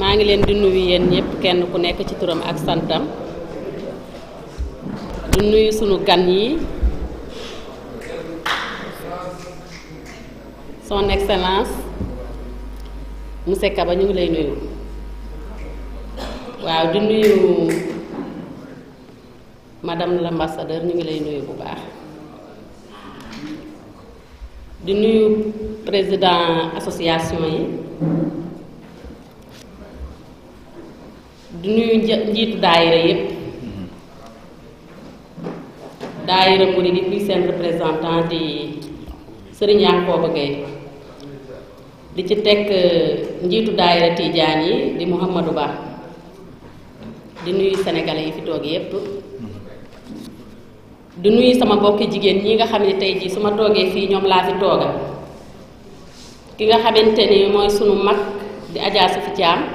maa ngi leen di nuyu yéen ñëpp kenn ku nekk ci turam ak santam di nuyu suñu gan yi son excellence monsieur ba ñu ngi lay nuyu waaw di nuyu madame l'ambassadeur ñu ngi lay nuyu bu baax di nuyu président association yi du nuyu njiitu daayira yépp daayira murid yi fii seen représentant di sëriñ Yankooba Gaye di ci teg euh, njiitu daayira tiijaan yi di Mouhamadou Ba di nuyu sénégalais yi fi toog yépp du nuyu sama mbokki jigéen ñi nga xam ne tey jii su ma toogee fii ñoom laa fi toogal ki nga xamante ni mooy sunu mag di Adja Sofi Thiam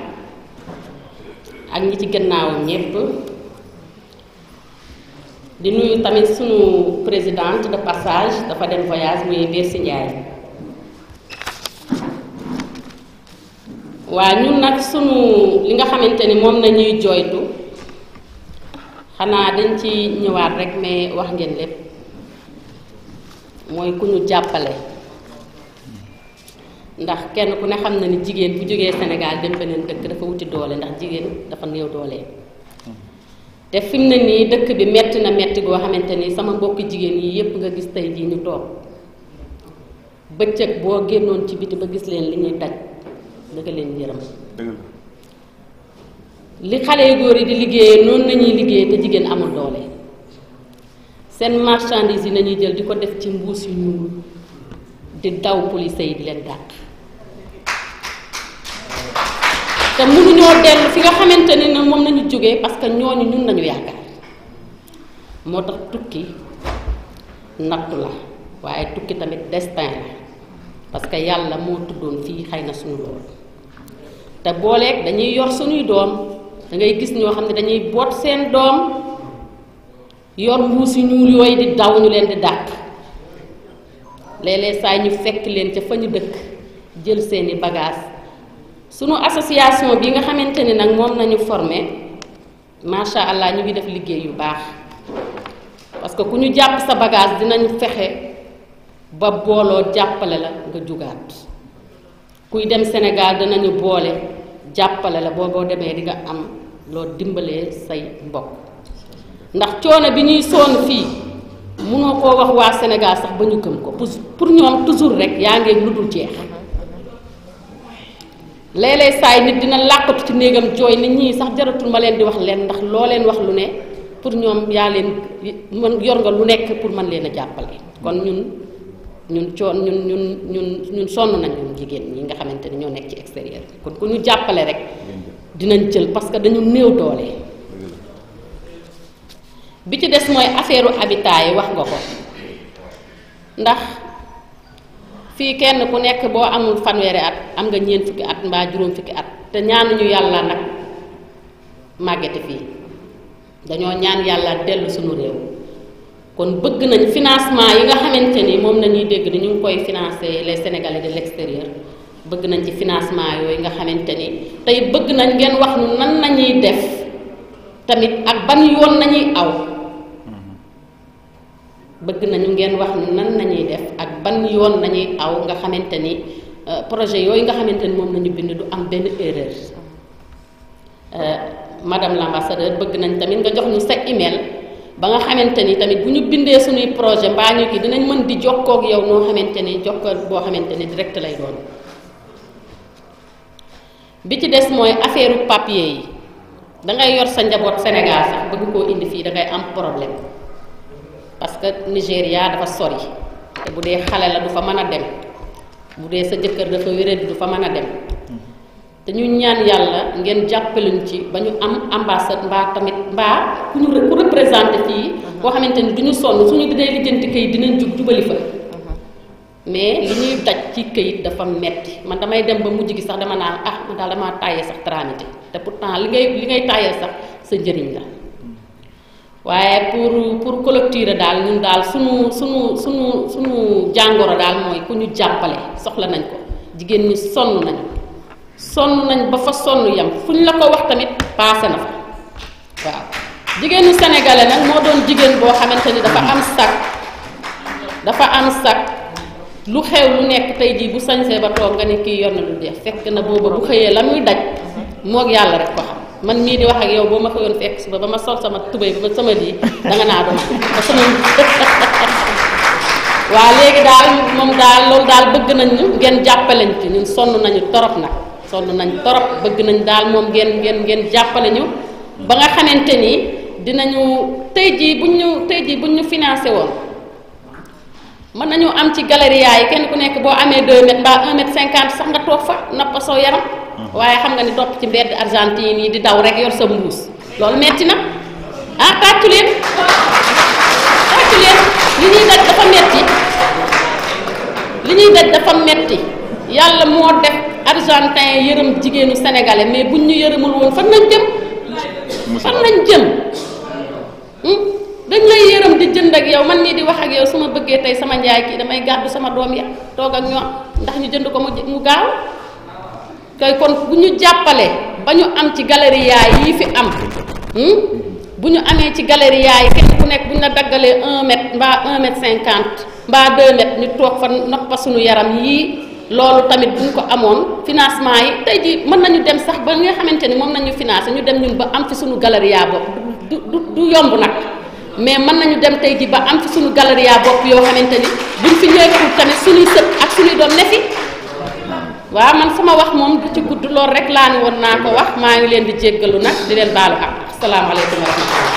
ak ñi ci gannaawam ñépp di nuyu tamit sunu présidente de passage dafa dem voyage muy Bercy Ndiaye waa ñun nag sunu li nga xamante ni moom la ñuy jooytu xanaa dañ ci ñëwaat rek mais wax ngeen lépp mooy ku ñu jàppale ndax kenn ku ne xam na ni jigéen bu jógee Sénégal dem beneen dëkk dafa wuti doole ndax jigéen dafa néew doole te fim mu ne nii dëkk bi metti na metti goo xamante ni sama mbokki jigéen yi yépp nga gis tey jii ñu toog bëccëg boo génnoon ci biti ba gis leen li ñuy daj dëgg leen yërëm li xale góor yi di liggéeyee noonu nañuy liggéey te jigéen amul doole seen marchandise yi nañuy jël di ko def ci mbuus yu ñuul di daw police yi di leen dàq te mënuñoo dellu fi nga xamante ne ne moom nañu jóge parce que ñooñu ñun nañu yaakaar moo tax tukki nattu la waaye tukki tamit destin la parce que yàlla moo tuddoon fii xay na suñu lool te booleeg dañuy yor suñuy doom da gis ñoo xam ne dañuy boot seen doom yor mbuus yu ñuul yooyu di daw ñu leen di dàq léeg-léeg saa ñu fekk leen ca fa ñu dëkk jël seeni bagaas sunu association bi nga xamante ni nag moom nañu formé macha allah ñu ngi def liggéey yu baax parce que ku ñu jàpp sa bagage dinañ fexe ba booloo jàppale la nga jugaat kuy dem Sénégal danañu boole jàppale la boo demee di nga am loo dimbalee say mbokk ndax coono bi ñuy sonn fii mënoo koo wax waa Sénégal sax ba ñu këm ko pour pour ñoom toujours rek yaa ngi lu dul jeex. léeg-léeg saay nit dina làqatu ci néegam jooy nit ñi sax jaratul ma leen di wax leen ndax loo leen wax lu ne pour ñoom yaa leen man yor nga lu nekk pour man leen a jàppale kon ñun ñun coon ñun ñun ñun ñun sonn nañ ñun jigéen ñi nga xamante ne ñoo nekk ci extérieur bi kon ku ñu jàppale rek dinañ jël parce que dañu néew doole bi ci des mooy affaire habitat yi wax nga ko ndax fii kenn ku nekk boo amul fanweeri at am nga ñeent fukki at mbaa juróom fukki at te ñaanuñu yàlla nag màggete fii dañoo ñaan yàlla dellu suñu réew kon bëgg nañ financement yi nga xamante ni moom la ñuy dégg ni ñu ngi koy financé les sénégalais de l'extérieur bëgg nañ ci financement yooyu nga xamante ni tey bëgg nañ ngeen wax nu nan nañuy def tamit ak ban yoon nañuy aw bëgg nañu ngeen wax nan nañuy def ak ban yoon nañuy aw nga xamante ni euh, projet yooyu nga xamante ni moom nañu bind du am benn erreur euh, madame l'ambassadeur bëgg nañ tamit nga jox ñu sa email ba nga xamante ni tamit bu ñu bindee suñuy projet mbaa ñu ki dinañ mën di jokkook yow noo xamante ni jokkoo boo xamante ni direct lay doon bi ci des mooy affaire papier yi dangay yor sa njaboot Sénégal sax bëgg koo indi fii dangay am problème parce que Nigéria dafa sori te bu dee xale la du fa mën a dem bu dee sa jëkkër dafa wéradi du fa mën a dem te ñu ñaan yàlla ngeen jàppaluñ ci ba ñu am ambassade mbaa tamit mbaa ku ñu ku représenté fii boo xamante ni du ñu sonn suñu dee lijjanti kayit dinañ jub jubali fa mais li ñuy daj ci këyit dafa metti man damay dem ba mujj gi sax dama naan ah man daal damaa tàyyee sax tramité te pour temps li ngay li ngay tàyyee sax sa njëriñ la waaye pour pour collecture daal ñun daal suñu sunu suñu suñu jàngoro daal mooy ku ñu jàppale soxla nañ ko jigéen ñi sonn nañ sonn nañ ba fa sonn yam fu ñu la ko wax tamit paase na fa waaw jigéenu sénégalais nag moo doon jigéen boo xamante ni dafa am sag dafa am sag lu xew lu nekk tey jii bu sañsee ba toog nga ne kii yor lu jeex fekk na booba bu xëyee la muy daj moog yàlla rek ko xam man mii di wax ak yow boo ma ko yoon fekk suba ba ma sol sama tubéy ba ma sama lii da nga naa duma ba sama waaw léegi daal moom daal loolu daal bëgg nañ ngeen jàppale ci ñun sonn nañu torop nag sonn nañ torop bëgg nañ daal moom ngeen ngeen ngeen jàppale ñu ba nga xamante ni dinañu tey jii buñ ñu tey jii buñ ñu financé woon mën nañu am ci galerie yi kenn ku nekk boo amee deux mètres mbaa un mètre cinquante sax nga toog fa nappa soo yaram waaye xam nga ni topp ci mbedd Argentine yi di daw rek yor sa mbuus loolu metti na ah tàccu leen tàccu leen li ñuy daj dafa metti li ñuy daj dafa metti yàlla moo def argentin yërëm jigéenu sénégalais mais buñ ñu yërëmul woon fan lañ jëm fan lañ jëm hmm? dañ lay yërëm di jënd ak yow man nii di wax ak yow su ma bëggee tey sama njaay kii damay gàddu sama doom ya toog ak ñoom ndax ñu jënd ko mu mu gaaw kay kon bu ñu jàppalee ba ñu am ci galerie yaay yi fi am hmm? bu ñu amee ci galerie yi kenn ku nekk bu ñu la daggalee un mètre mbaa un mètre cinquante mbaa deux mètres ñu toog fa nox fa suñu yaram yii loolu tamit bu ñu ko amoon financement yi tey ji mën nañu dem sax ba nga xamante ni moom nañu financé ñu dem ñun ba am fi suñu galerie yaa bopp du du du yomb nag mais mën nañu dem tey ji ba am fi suñu galerie yaa bopp yoo xamante ni buñ fi ñëwee tamit suñuy sët ak suñuy waaw man sama wax moom du ci gudd lool rek laa ne woon naa ko wax maa ngi leen di jéggalu nag di leen baalu ak asalaamaaleykum wa rahmatulah